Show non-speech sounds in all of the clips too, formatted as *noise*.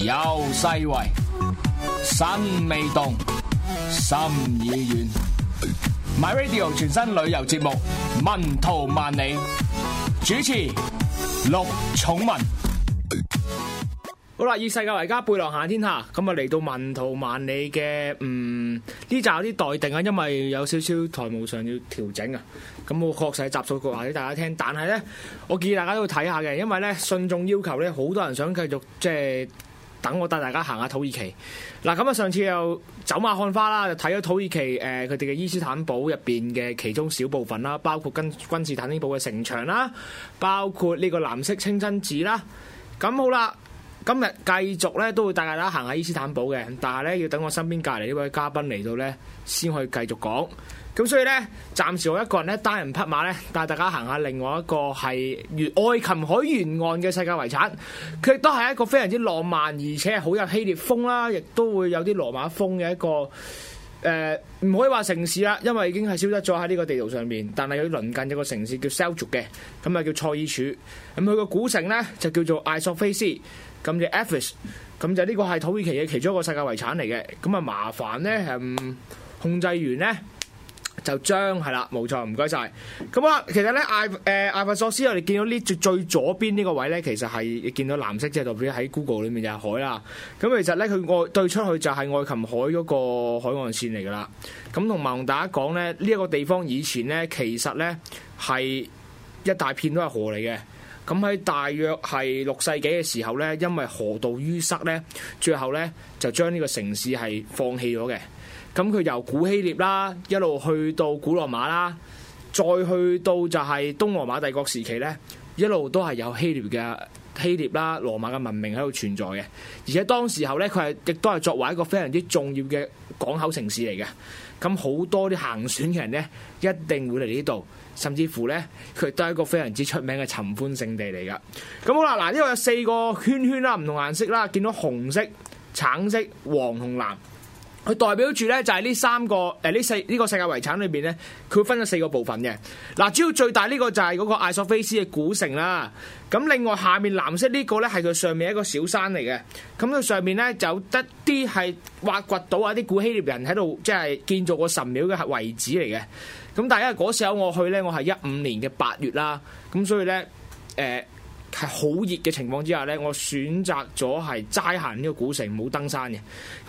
有世味，身未動，心已遠。My Radio 全新旅遊節目《文圖萬里》，主持陸寵文。好啦，以世界為家，背囊行天下。咁啊，嚟、嗯、到《文圖萬里》嘅嗯呢集有啲待定啊，因為有少少台務上要調整啊。咁我確實係集數，我話俾大家聽。但係咧，我建議大家都要睇下嘅，因為咧，信眾要求咧，好多人想繼續即係。等我帶大家行下土耳其。嗱，咁啊，上次又走馬看花啦，就睇咗土耳其誒佢哋嘅伊斯坦堡入邊嘅其中小部分啦，包括跟君士坦丁堡嘅城牆啦，包括呢個藍色清真寺啦。咁好啦，今日繼續咧都會帶大家行下伊斯坦堡嘅，但係咧要等我身邊隔離呢位嘉賓嚟到咧先可以繼續講。咁所以呢，暫時我一個人咧單人匹馬呢，帶大家行下另外一個係愛琴海沿岸嘅世界遺產，佢亦都係一個非常之浪漫，而且好有希臘風啦，亦都會有啲羅馬風嘅一個誒，唔、呃、可以話城市啦，因為已經係消失咗喺呢個地圖上面。但係佢鄰近有個城市叫 Seljuk 嘅，咁啊叫塞爾柱，咁佢個古城呢，就叫做艾索菲斯，咁就 Ephesus 咁就呢個係土耳其嘅其,其中一個世界遺產嚟嘅。咁啊麻煩呢？誒、嗯、控制員呢？就將係啦，冇錯，唔該晒。咁啊，其實咧，誒，艾佛索斯我，我哋見到呢最最左邊呢個位咧，其實係見到藍色，即係代表喺 Google 裏面就係海啦。咁其實咧，佢外對出去就係愛琴海嗰個海岸線嚟噶啦。咁同大家講咧，呢一個地方以前咧，其實咧係一大片都係河嚟嘅。咁喺大約係六世紀嘅時候咧，因為河道淤塞咧，最後咧就將呢個城市係放棄咗嘅。咁佢由古希臘啦，一路去到古羅馬啦，再去到就係東羅馬帝國時期咧，一路都係有希臘嘅希臘啦、羅馬嘅文明喺度存在嘅。而且當時候咧，佢係亦都係作為一個非常之重要嘅港口城市嚟嘅。咁好多啲行船嘅人咧，一定會嚟呢度，甚至乎咧，佢都係一個非常之出名嘅尋歡勝地嚟嘅。咁好啦，嗱，呢度有四個圈圈啦，唔同顏色啦，見到紅色、橙色、黃、紅、藍。佢代表住咧就係、係、呢三個誒呢、呃、四呢、呢個世界遺產裏面咧，佢分咗四個部分嘅嗱。主要最大呢個就係嗰個艾索菲斯嘅古城啦。咁另外下面藍色個呢個咧係佢上面一個小山嚟嘅。咁佢上面咧就有得啲係挖掘到啊啲古希臘人喺度即係建造個神廟嘅位置嚟嘅。咁但係因為嗰時候我去咧，我係一五年嘅八月啦，咁所以咧誒，呃係好熱嘅情況之下呢，我選擇咗係齋行呢個古城，冇登山嘅。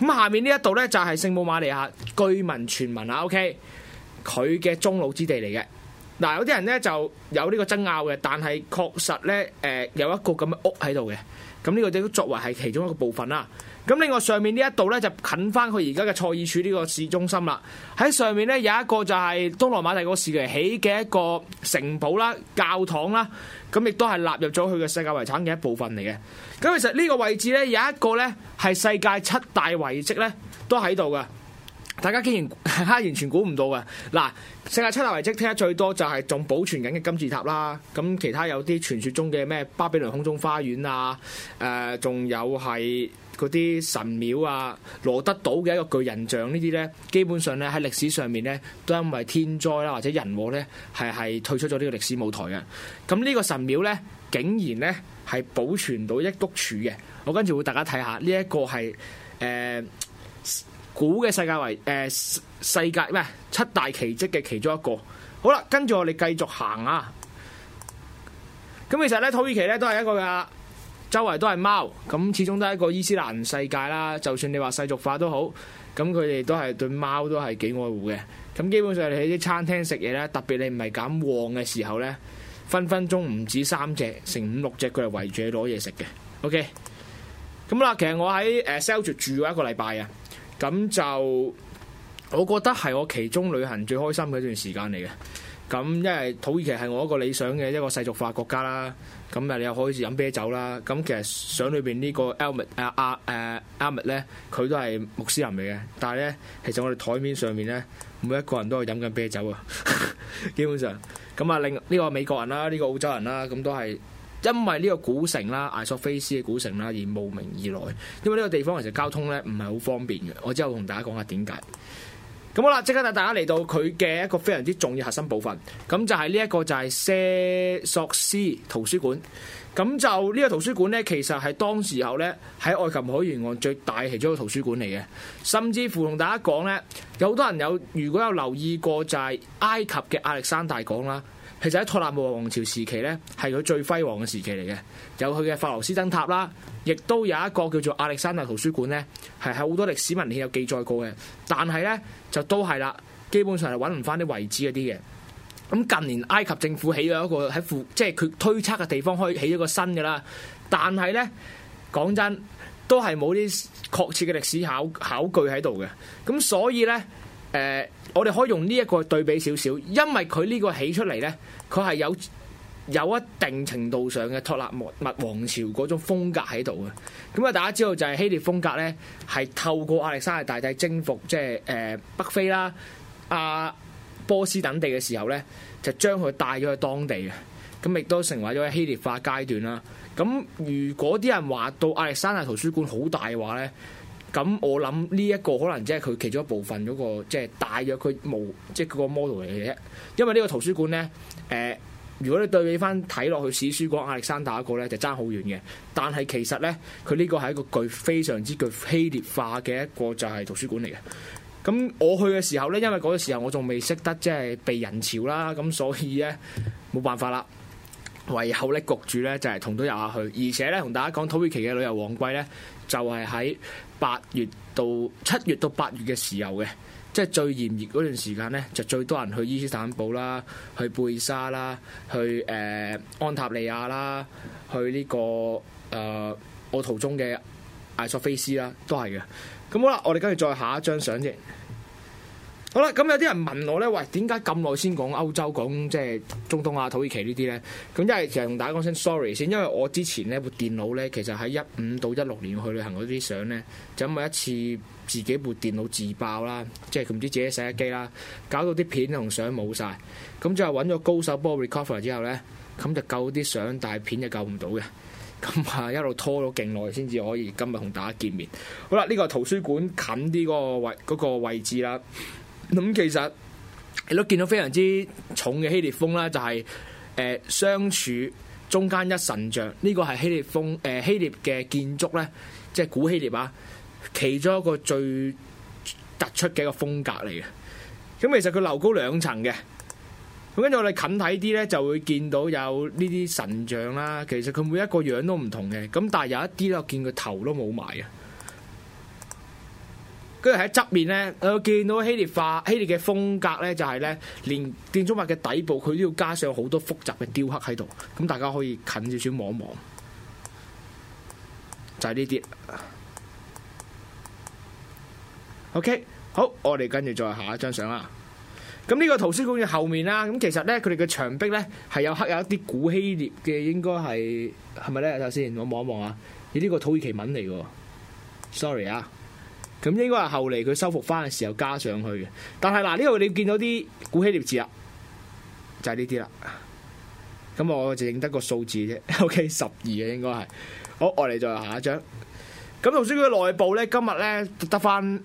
咁下面呢一度呢，就係聖母瑪利亞居民傳聞啊，OK，佢嘅終老之地嚟嘅。嗱，有啲人呢就有呢個爭拗嘅，但係確實呢，誒有一個咁嘅屋喺度嘅。咁呢個都作為係其中一個部分啦。咁另外上面呢一度呢，就近翻佢而家嘅塞爾柱呢個市中心啦。喺上面呢，有一個就係東羅馬帝國時期起嘅一個城堡啦、教堂啦。咁亦都係納入咗佢嘅世界遺產嘅一部分嚟嘅。咁其實呢個位置呢，有一個呢係世界七大遺跡呢，都喺度嘅。大家竟然嚇完全估唔到啊！嗱，世界七大遺蹟聽得最多就係仲保存緊嘅金字塔啦，咁其他有啲傳説中嘅咩巴比倫空中花園啊，誒、呃、仲有係嗰啲神廟啊，羅德島嘅一個巨人像呢啲呢，基本上呢喺歷史上面呢都因為天災啦或者人禍呢，係係退出咗呢個歷史舞台嘅。咁呢個神廟呢，竟然呢係保存到一碌柱嘅，我跟住會大家睇下呢一個係誒。呃古嘅世界為誒、呃、世界咩七大奇蹟嘅其中一個好啦，跟住我哋繼續行啊！咁其實咧，土耳其咧都係一個嘅，周圍都係貓咁，始終都係一個伊斯蘭世界啦。就算你話世俗化都好，咁佢哋都係對貓都係幾愛護嘅。咁基本上你喺啲餐廳食嘢咧，特別你唔係咁旺嘅時候咧，分分鐘唔止三隻，成五六隻佢係圍住你攞嘢食嘅。OK，咁啦，其實我喺誒 Selçuk 住咗一個禮拜啊。咁就我覺得係我其中旅行最開心嘅一段時間嚟嘅。咁因為土耳其係我一個理想嘅一個世俗化國家啦。咁啊，你又可以飲啤酒啦。咁其實相裏邊呢個 a l m e t 阿 a l m t 咧，佢、啊啊啊啊啊、都係穆斯林嚟嘅。但係咧，其實我哋台面上面咧，每一個人都係飲緊啤酒啊。 *laughs* 基本上，咁啊，另呢個美國人啦，呢、呢個澳洲人啦，咁都係。因為呢個古城啦，艾索菲斯嘅古城啦而慕名而來，因為呢個地方其實交通咧唔係好方便嘅，我之後同大家講下點解。咁好啦，即刻帶大家嚟到佢嘅一個非常之重要核心部分，咁就係呢一個就係舍索斯圖書館。咁就呢個圖書館咧，其實係當時候咧喺愛琴海沿岸最大其中一個圖書館嚟嘅，甚至乎同大家講咧，有好多人有如果有留意過就係埃及嘅亞歷山大港啦。其實喺托勒密王朝時期咧，係佢最輝煌嘅時期嚟嘅，有佢嘅法羅斯燈塔啦，亦都有一個叫做亞歷山大圖書館咧，係喺好多歷史文獻有記載過嘅，但係咧就都係啦，基本上係揾唔翻啲位置嗰啲嘅。咁近年埃及政府起咗一個喺附，即係佢推測嘅地方，可以起咗個新嘅啦。但係咧講真，都係冇啲確切嘅歷史考考據喺度嘅，咁所以咧。誒、嗯，我哋可以用呢一個對比少少，因為佢呢個起出嚟呢佢係有有一定程度上嘅托勒密王朝嗰種風格喺度嘅。咁啊，大家知道就係希臘風格呢係透過亞歷山大大帝征服即係誒北非啦、啊波斯等地嘅時候呢就將佢帶咗去當地嘅，咁亦都成為咗希臘化階段啦。咁如果啲人話到亞歷山大圖書館好大嘅話呢。咁我諗呢一個可能即係佢其中一部分嗰、嗰個即係、就是、大約佢冇，即係嗰個 model 嚟嘅啫，因為呢個圖書館呢，誒、呃，如果你對比翻睇落去史書館亞歷山大嗰個呢就爭好遠嘅，但係其實呢，佢呢個係一個具非常之具希臘化嘅一個就係圖書館嚟嘅。咁我去嘅時候呢，因為嗰個時候我仲未識得即係避人潮啦，咁所以呢，冇辦法啦。為後力焗住咧，就係、是、同到遊下去，而且咧同大家講土耳其嘅旅遊旺季咧，就係喺八月到七月到八月嘅時候嘅，即係最炎熱嗰段時間咧，就最多人去伊斯坦堡啦、去貝沙啦、去誒、呃、安塔利亞啦、去呢、這個誒、呃、我途中嘅艾索菲斯啦，都係嘅。咁好啦，我哋跟住再下一張相先。好啦，咁有啲人問我咧，喂，點解咁耐先講歐洲，講即係中東啊、土耳其呢啲咧？咁一係其實同大家講聲 sorry 先，因為我之前咧部電腦咧，其實喺一五到一六年去旅行嗰啲相咧，就因為一次自己部電腦自爆啦，即係佢唔知自己洗咗機啦，搞到啲片同相冇晒。咁之後揾咗高手幫我 recover 之後咧，咁就救啲相，但係片就救唔到嘅，咁 *laughs* 啊一路拖咗勁耐先至可以今日同大家見面。好啦，呢個圖書館近啲嗰個位嗰個位置啦。咁其實你都見到非常之重嘅希臘風啦，就係誒相處中間一神像，呢個係希臘風誒希臘嘅建築咧，即係古希臘啊，其中一個最突出嘅一個風格嚟嘅。咁其實佢樓高兩層嘅，咁跟住我哋近睇啲咧，就會見到有呢啲神像啦。其實佢每一個樣都唔同嘅，咁但係有一啲咧我見佢頭都冇埋嘅。跟住喺側面咧，我見到希臘化希臘嘅風格咧，就係咧連建築物嘅底部佢都要加上好多複雜嘅雕刻喺度，咁大家可以近少少望一望，就係呢啲。OK，好，我哋跟住再下一張相啦。咁呢個圖書館嘅後面啦，咁其實咧佢哋嘅牆壁咧係有刻有一啲古希臘嘅，應該係係咪咧？睇下先看看，我望一望啊！咦，呢個土耳其文嚟㗎，sorry 啊。咁應該係後嚟佢修復翻嘅時候加上去嘅。但係嗱，呢度你見到啲古希臘字啊，就係呢啲啦。咁我就認得個數字啫。O.K. 十二嘅應該係。好，我嚟再下一張。咁圖書館內部咧，今日咧得翻底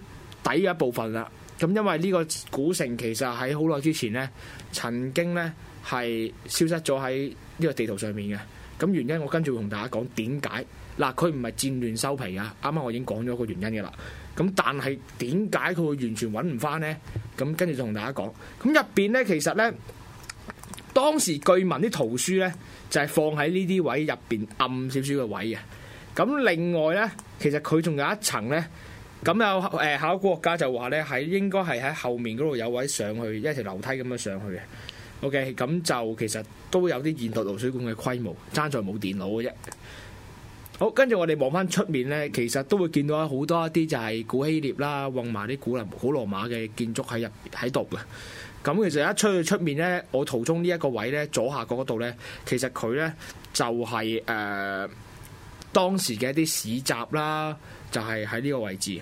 嘅一部分啦。咁因為呢個古城其實喺好耐之前咧，曾經咧係消失咗喺呢個地圖上面嘅。咁原因我來跟住會同大家講點解。嗱，佢唔係戰亂收皮啊！啱啱我已經講咗一個原因嘅啦。咁但係點解佢會完全揾唔翻呢？咁跟住就同大家講，咁入邊呢，其實呢，當時據聞啲圖書呢，就係放喺呢啲位入邊暗少少嘅位啊。咁另外呢，其實佢仲有一層呢。咁有誒考古學家就話呢，喺應該係喺後面嗰度有位上去一條樓梯咁樣上去嘅。OK，咁就其實都有啲現代圖書館嘅規模，爭在冇電腦嘅啫。好，跟住我哋望翻出面呢，其實都會見到好多一啲就係古希臘啦、混埋啲古羅古羅馬嘅建築喺入喺度嘅。咁其實一出去出面呢，我圖中呢一個位呢，左下角嗰度呢，其實佢呢就係、是、誒、呃、當時嘅一啲市集啦，就係喺呢個位置。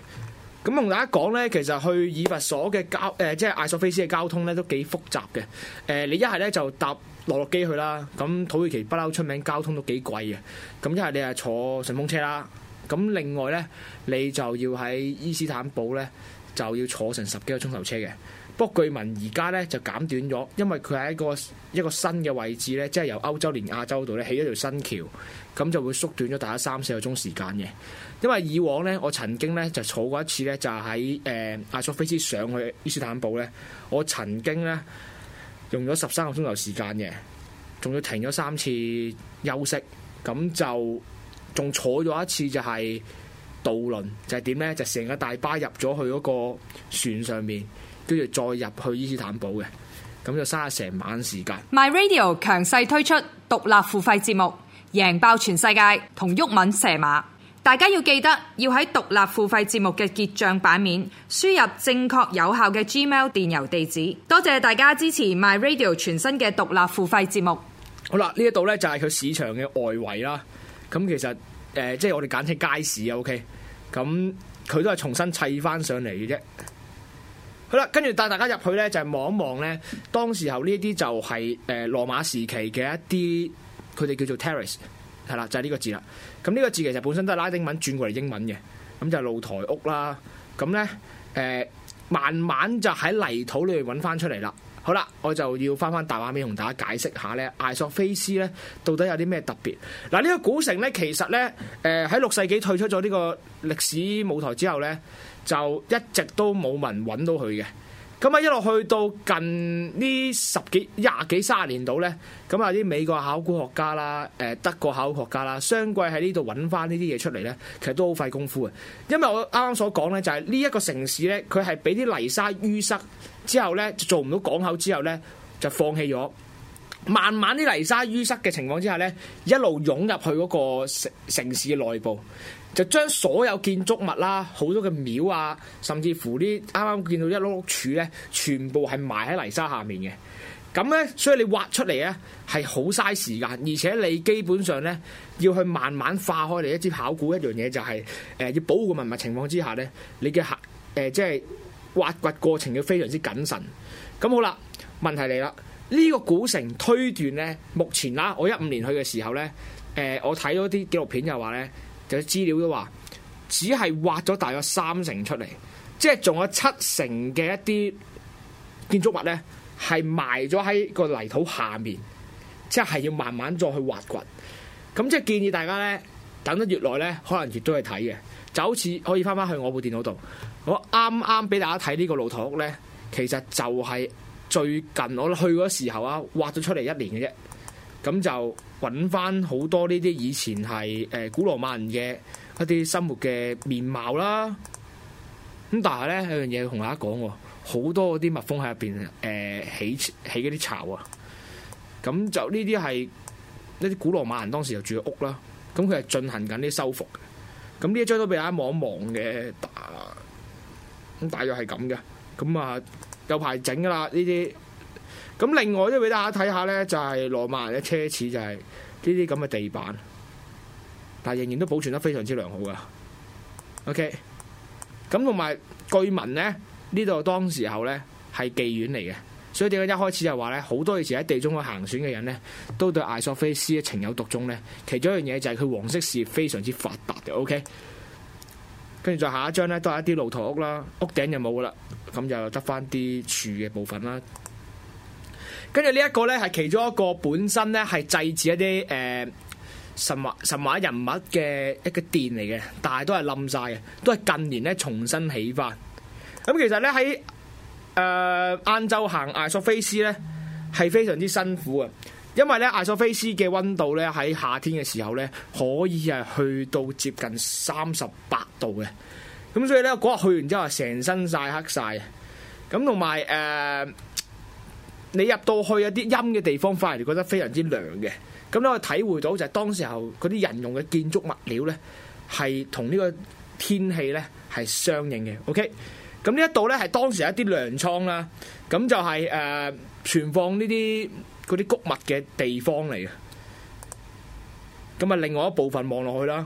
咁同大家講呢，其實去以佛所嘅交，誒，即係艾索菲斯嘅交通呢，都幾複雜嘅。誒，你一係呢，就搭落落機去啦。咁土耳其不嬲出名，交通都幾貴嘅。咁一係你係坐順風車啦。咁另外呢，你就要喺伊斯坦堡呢，就要坐成十幾個鐘頭車嘅。不過，據聞而家咧就減短咗，因為佢喺一個一個新嘅位置咧，即係由歐洲連亞洲度咧起咗條新橋，咁就會縮短咗大家三四個鐘時，時間嘅。因為以往咧，我曾經咧就坐過一次咧，就喺誒艾索菲斯上去伊斯坦堡咧，我曾經咧用咗十三個鐘頭時，時間嘅，仲要停咗三次休息，咁就仲坐咗一次就係渡輪，就係點咧？就成個大巴入咗去嗰個船上面。跟住再入去伊斯坦堡嘅，咁就嘥咗成晚時間。My Radio 強勢推出獨立付費節目，贏爆全世界同毓民蛇馬。大家要記得要喺獨立付費節目嘅結賬版面輸入正確有效嘅 Gmail 電郵地址。多謝大家支持 My Radio 全新嘅獨立付費節目。好啦，呢一度呢就係佢市場嘅外圍啦。咁其實誒，即、呃、係、就是、我哋簡稱街市呀 OK，咁佢都係重新砌翻上嚟嘅啫。好啦，跟住帶大家入去咧，就係、是、望一望咧，當時候呢啲就係、是、誒、呃、羅馬時期嘅一啲，佢哋叫做 terrace，係啦，就係、是、呢個字啦。咁呢個字其實本身都係拉丁文轉過嚟英文嘅，咁就係露台屋啦。咁咧、呃、慢慢就喺泥土裏邊揾翻出嚟啦。好啦，我就要翻翻大畫面同大家解釋下咧，艾索菲斯咧到底有啲咩特別？嗱，呢個古城咧，其實咧，誒喺六世紀退出咗呢個歷史舞台之後咧，就一直都冇人揾到佢嘅。咁啊，一路去到近呢十幾、廿幾、三十年度咧，咁啊啲美國考古學家啦、誒德國考古學家啦，相繼喺呢度揾翻呢啲嘢出嚟咧，其實都好費功夫嘅。因為我啱啱所講咧，就係呢一個城市咧，佢係俾啲泥沙淤塞之後咧，就做唔到港口之後咧，就放棄咗。慢慢啲泥沙淤塞嘅情況之下咧，一路湧入去嗰個城城市嘅內部。就將所有建築物啦、啊，好多嘅廟啊，甚至乎啲啱啱見到一碌碌柱咧，全部係埋喺泥沙下面嘅。咁咧，所以你挖出嚟咧係好嘥時間，而且你基本上咧要去慢慢化開嚟。一支考古一樣嘢、就係呃呃，就係要保護個文物情況之下咧，你嘅即係挖掘過程要非常之謹慎。咁好啦，問題嚟啦，呢、這個古城推斷咧，目前啦，我一五年去嘅時候咧、呃，我睇咗啲紀錄片就話咧。有啲資料都話，只係挖咗大約三成出嚟，即係仲有七成嘅一啲建築物呢，係埋咗喺個泥土下面，即係要慢慢再去挖掘。咁即係建議大家呢，等得越耐呢，可能越都係睇嘅。就好似可以翻翻去我部電腦度，我啱啱俾大家睇呢個老土屋呢，其實就係最近我去嗰時候啊，挖咗出嚟一年嘅啫。咁就揾翻好多呢啲以前係誒古羅馬人嘅一啲生活嘅面貌啦。咁但係咧有一樣嘢同大家講喎，好多嗰啲蜜蜂喺入邊誒起起嗰啲巢啊。咁就呢啲係一啲古羅馬人當時又住嘅屋啦。咁佢係進行緊啲修復。咁呢一張都俾大家望一望嘅，咁大約係咁嘅。咁啊有排整㗎啦呢啲。咁另外都俾大家睇下咧，就係羅馬人嘅奢侈就係呢啲咁嘅地板，但仍然都保存得非常之良好噶。OK，咁同埋據聞咧，呢度當時候咧係妓院嚟嘅，所以點解一開始就話咧好多以前喺地中海行選嘅人咧都對艾索菲斯情有獨鍾咧。其中一樣嘢就係佢黃色事業非常之發達嘅。OK，跟住再下一張咧，都係一啲露台屋啦，屋頂就冇噶啦，咁就得翻啲柱嘅部分啦。跟住呢一個呢，係其中一個本身呢，係祭祀一啲誒神話神話人物嘅一個殿嚟嘅，但係都係冧晒嘅，都係近年咧重新起翻。咁其實呢，喺誒晏晝行艾索菲斯呢，係非常之辛苦嘅，因為呢，艾索菲斯嘅溫度呢，喺夏天嘅時候呢，可以係去到接近三十八度嘅，咁所以呢，嗰日去完之後，成身曬黑晒。咁同埋誒。你入到去一啲陰嘅地方，反而覺得非常之涼嘅。咁你可以體會到就係當時候嗰啲人用嘅建築物料咧，係同呢個天氣咧係相應嘅。OK，咁呢一度咧係當時一啲糧倉啦，咁就係誒存放呢啲嗰啲穀物嘅地方嚟嘅。咁啊，另外一部分望落去啦。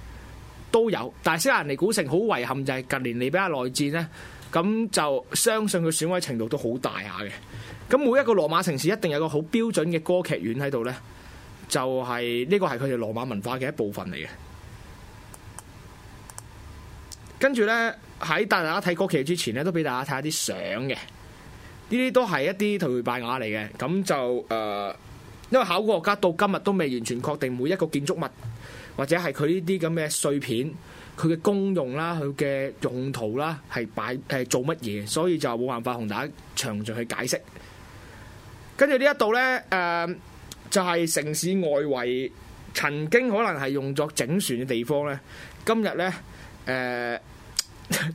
都有，但係昔蘭尼古城好遺憾就係近年利比亞內戰呢，咁就相信佢損毀程度都好大下嘅。咁每一個羅馬城市一定有一個好標準嘅歌劇院喺度呢，就係呢個係佢哋羅馬文化嘅一部分嚟嘅。跟住呢，喺帶大家睇歌劇之前呢，都俾大家睇下啲相嘅。呢啲都係一啲頹垣敗瓦嚟嘅，咁就誒、呃，因為考古學家到今日都未完全確定每一個建築物。或者係佢呢啲咁嘅碎片，佢嘅功用啦，佢嘅用途啦，係擺誒做乜嘢？所以就冇辦法同大家詳盡去解釋。跟住呢一度咧，誒就係城市外圍曾經可能係用作整船嘅地方咧。今日咧，誒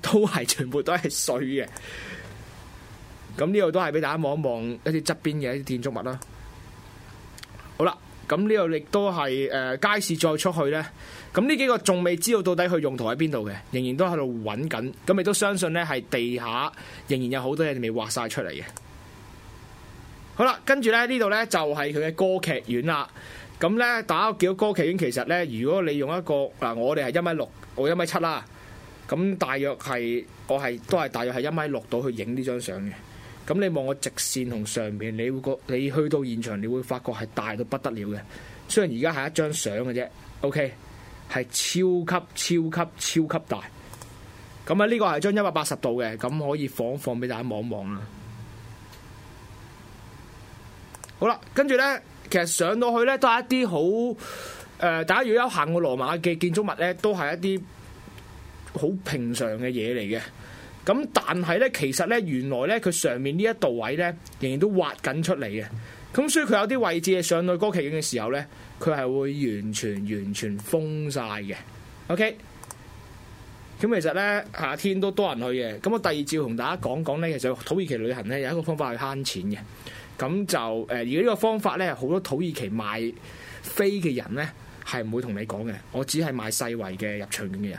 都係全部都係水嘅。咁呢度都係俾大家望一望一啲側邊嘅一啲建築物啦。好啦。咁呢度亦都係、呃、街市再出去呢。咁呢幾個仲未知道到底佢用途喺邊度嘅，仍然都喺度揾緊，咁亦都相信呢係地下仍然有好多嘢未挖晒出嚟嘅。好啦，跟住呢呢度呢就係佢嘅歌劇院啦。咁呢打個叫歌劇院，其實呢，如果你用一個嗱，我哋係一米六，我一米七啦，咁大約係我係都係大約係一米六度去影呢張相嘅。咁你望我直線同上面，你會你去到現場，你會發覺係大到不得了嘅。雖然而家係一張相嘅啫，OK，係超級超級超級大。咁啊，呢個係張一百八十度嘅，咁可以放一放俾大家望一望啦。好啦，跟住呢，其實上到去呢都係一啲好、呃、大家如果有行過羅馬嘅建築物呢，都係一啲好平常嘅嘢嚟嘅。咁但係咧，其實咧，原來咧，佢上面一呢一度位咧，仍然都挖緊出嚟嘅。咁所以佢有啲位置上到歌劇院嘅時候咧，佢係會完全完全封晒嘅。OK。咁其實咧，夏天都多人去嘅。咁我第二同大家講講咧，其實土耳其旅行咧有一個方法去慳錢嘅。咁就誒、呃，而呢個方法咧，好多土耳其賣飛嘅人咧係唔會同你講嘅。我只係賣細圍嘅入場券嘅人。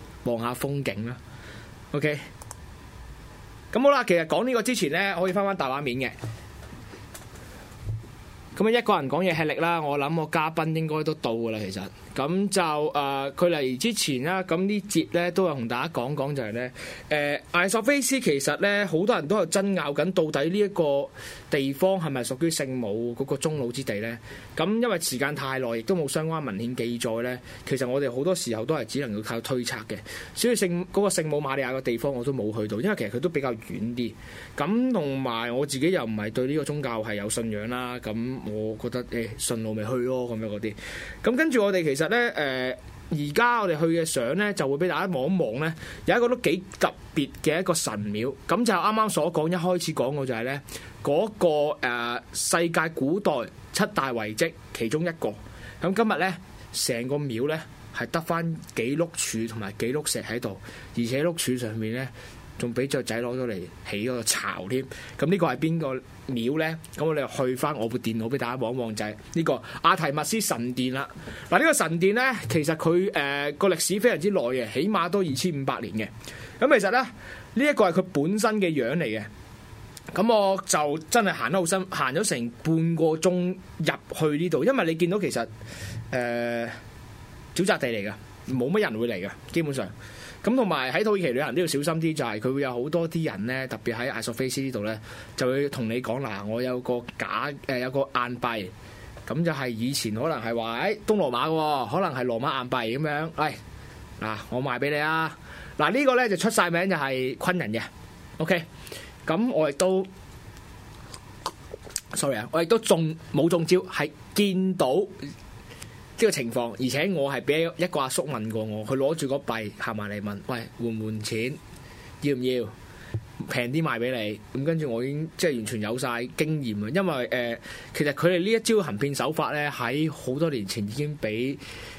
望下風景啦，OK，咁好啦。其實講呢個之前呢，可以翻翻大畫面嘅。咁一個人講嘢吃力啦，我諗我嘉賓應該都到噶啦，其實。咁就誒佢嚟之前啦，咁呢節咧都有同大家講講就係、是、咧，誒、呃、艾索菲斯其實咧好多人都係爭拗緊，到底呢一個地方係咪屬於聖母嗰個終老之地咧？咁因為時間太耐，亦都冇相關文獻記載咧，其實我哋好多時候都係只能夠靠推測嘅。所以聖、嗰個聖母瑪利亞嘅地方我都冇去到，因為其實佢都比較遠啲。咁同埋我自己又唔係對呢個宗教係有信仰啦，咁我覺得誒順、欸、路咪去咯咁樣嗰啲。咁跟住我哋其實。其實咧，誒而家我哋去嘅相咧，就會俾大家望一望咧，有一個都幾特別嘅一個神廟。咁就啱啱所講，一開始講嘅就係咧，嗰個誒世界古代七大遺跡其中一個。咁今日咧，成個廟咧係得返幾碌柱同埋幾碌石喺度，而且碌柱上面咧，仲俾雀仔攞咗嚟起個巢添，咁呢個係邊個廟咧？咁我哋去翻我部電腦俾大家望望就係呢個阿提密斯神殿啦。嗱，呢個神殿咧，其實佢誒個歷史非常之耐嘅，起碼都二千五百年嘅。咁其實咧，呢一個係佢本身嘅樣嚟嘅。咁我就真係行得好深，行咗成半個鐘入去呢度，因為你見到其實誒沼澤地嚟噶，冇乜人會嚟噶，基本上。咁同埋喺土耳其旅行都要小心啲，就係佢會有好多啲人咧，特別喺艾索菲斯呢度咧，就會同你講嗱，我有個假誒、呃、有個硬幣，咁就係以前可能係話誒東羅馬嘅，可能係羅馬硬幣咁樣，喂，嗱我賣俾你啊，嗱呢、呢個咧就出晒名就係、係、昆人嘅，OK，咁我亦都，sorry 啊，我亦都中冇中招，係見到。呢個情況，而且我係俾一個阿叔問過我，佢攞住個幣行埋嚟問：喂，換唔換錢，要唔要平啲賣俾你？咁跟住我已經即係完全有晒經驗啊！因為誒、呃，其實佢哋呢一招行騙手法咧，喺好多年前已經俾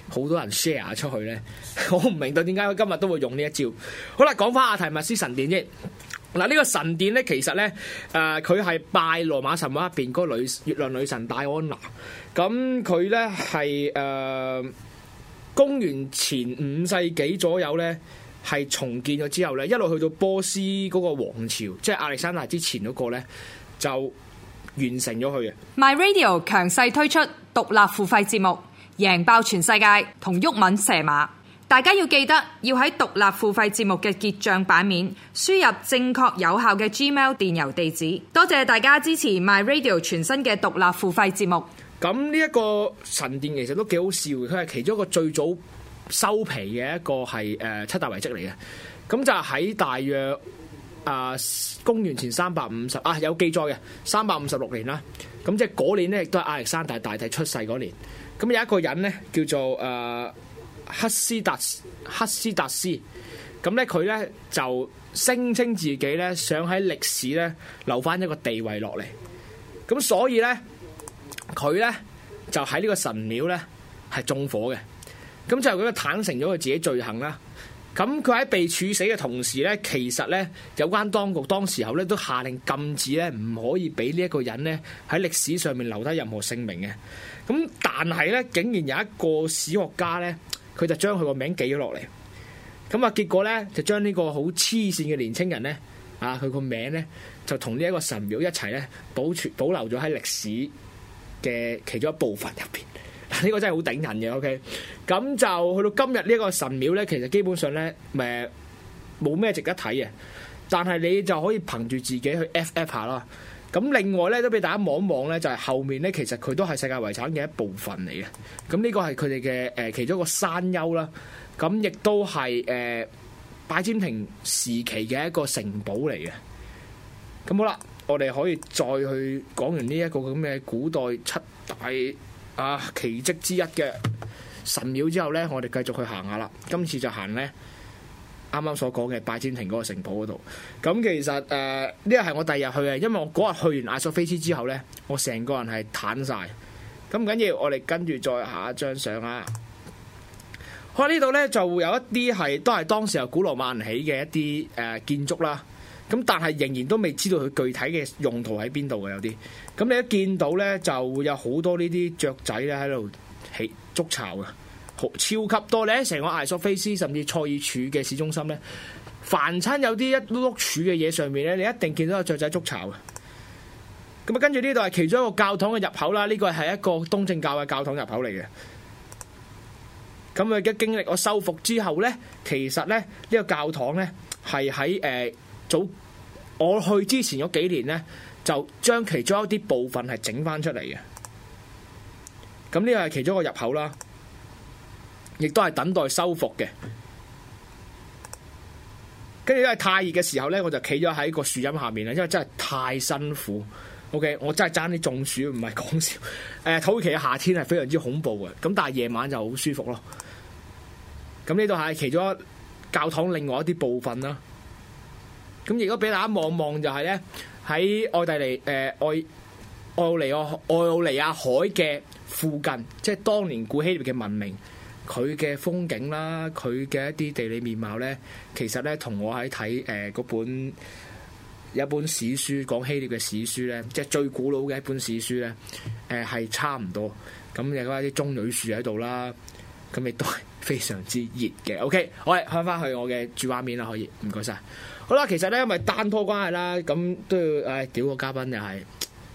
好多人 share 出去咧，我唔明到點解佢今日都會用呢一招。好啦，講翻阿提密斯神殿啫。嗱，呢個神殿咧，其實咧，誒佢係拜羅馬神話入邊個女月亮女神戴安娜。咁佢咧係誒公元前五世紀左右咧，係重建咗之後咧，一路去到波斯嗰個王朝，即係亞歷山大之前嗰個咧，就完成咗佢嘅。My Radio 強勢推出獨立付費節目，贏爆全世界，同毓民射馬。大家要記得要喺獨立付費節目嘅結賬版面輸入正確有效嘅 Gmail 電郵地址。多謝大家支持 My Radio 全新嘅獨立付費節目。咁呢一個神殿其實都幾好笑，佢係其中一個最早收皮嘅一個，係誒七大遺跡嚟嘅。咁就喺大約啊、呃、公元前三百五十啊有記載嘅三百五十六年啦。咁即係嗰年呢，亦都係亞歷山大大帝出世嗰年。咁有一個人呢，叫做誒。呃赫斯特赫斯達斯咁咧，佢咧就聲稱自己咧想喺歷史咧留翻一個地位落嚟，咁所以咧佢咧就喺呢個神廟咧係縱火嘅，咁就後佢就坦承咗佢自己的罪行啦。咁佢喺被處死嘅同時咧，其實咧有關當局當時候咧都下令禁止咧唔可以俾呢一個人咧喺歷史上面留低任何姓名嘅。咁但係咧，竟然有一個史學家咧。佢就將佢個名記咗落嚟，咁啊結果咧就將呢個好黐線嘅年青人，咧啊佢個名咧就同呢一個神廟一齊咧保存保留咗喺歷史嘅其中一部分入邊，呢 *laughs* 個真係好頂人嘅 OK，咁就去到今日呢個神廟咧，其實基本上咧誒冇咩值得睇嘅，但係你就可以憑住自己去 FF 下咯。咁另外咧都俾大家望一望咧，就係後面咧，其實佢都係世界遺產嘅一部分嚟嘅。咁呢個係佢哋嘅誒其中一個山丘啦，咁亦都係誒拜占庭時期嘅一個城堡嚟嘅。咁好啦，我哋可以再去講完呢一個咁嘅古代七大啊奇蹟之一嘅神廟之後咧，我哋繼續去行下啦。今次就行咧。啱啱所講嘅拜占庭嗰個城堡嗰度，咁其實誒呢個係我第二日去嘅，因為我嗰日去完艾索菲斯之後咧，我成個人係攤曬。咁唔緊要，我哋跟住再下一張相啦。喺呢度咧就會有一啲係都係當時候古羅馬起嘅一啲誒建築啦。咁但係仍然都未知道佢具體嘅用途喺邊度嘅有啲。咁你一見到咧就會有好多呢啲雀仔咧喺度起築巢嘅。超級多咧！成個艾索菲斯甚至塞爾柱嘅市中心咧，凡親有啲一碌柱嘅嘢上面咧，你一定見到有雀仔築巢嘅。咁啊，跟住呢度係其中一個教堂嘅入口啦。呢個係一個東正教嘅教堂入口嚟嘅。咁佢嘅經歷我修復之後咧，其實咧呢個教堂咧係喺誒早我去之前嗰幾年咧，就將其中一啲部分係整翻出嚟嘅。咁呢個係其中一個入口啦。亦都係等待修復嘅，跟住因為太熱嘅時候咧，我就企咗喺個樹蔭下面啦，因為真係太辛苦。OK，我真係爭啲中暑，唔係講笑。誒，土耳其嘅夏天係非常之恐怖嘅，咁但係夜晚就好舒服咯。咁呢度係其中教堂另外一啲部分啦。咁如果俾大家望望，就係咧喺愛地尼誒愛愛奧尼亞愛奧尼亞海嘅附近，即係當年古希臘嘅文明。佢嘅風景啦，佢嘅一啲地理面貌咧，其實咧同我喺睇誒嗰本有本史書講希臘嘅史書咧，即係最古老嘅一本史書咧，誒係、呃、差唔多。咁另外啲棕櫚樹喺度啦，咁亦都係非常之熱嘅。OK，好，翻翻去我嘅主畫面啦，可以唔該晒。好啦，其實咧因為單拖關係啦，咁都要唉，屌個嘉賓又係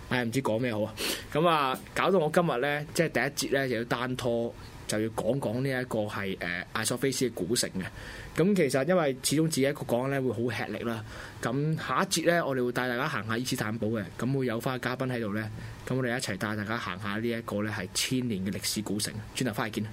唉唔知講咩好啊。咁啊搞到我今日咧即係第一節咧就要單拖。就要講講呢一個係誒艾索菲斯嘅古城嘅。咁其實因為始終自己一個講咧會好吃力啦。咁下一節咧，我哋會帶大家行下伊斯坦堡嘅。咁會有返嘉賓喺度咧，咁我哋一齊帶大家行下呢一個咧係千年嘅歷史古城。轉頭返去見。